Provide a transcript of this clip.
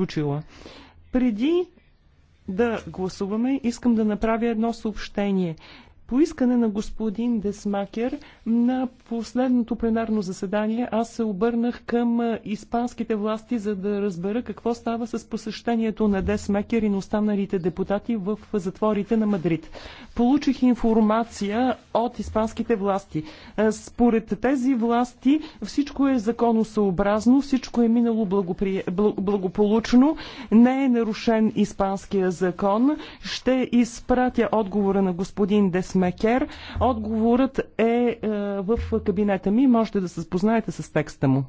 приключила. Преди да гласуваме, искам да направя едно съобщение. По искане на господин Десмакер на последното пленарно заседание аз се обърнах към испанските власти, за да разбера какво става с посещението на Десмакер и на останалите депутати в затворите на Мадрид. Получих информация от испанските власти. Според тези власти всичко е законосъобразно, всичко е минало благопри... благополучно, не е нарушен испанския закон. Ще изпратя отговора на господин Десмакер Макер. Отговорът е, е в кабинета ми. Можете да се спознаете с текста му.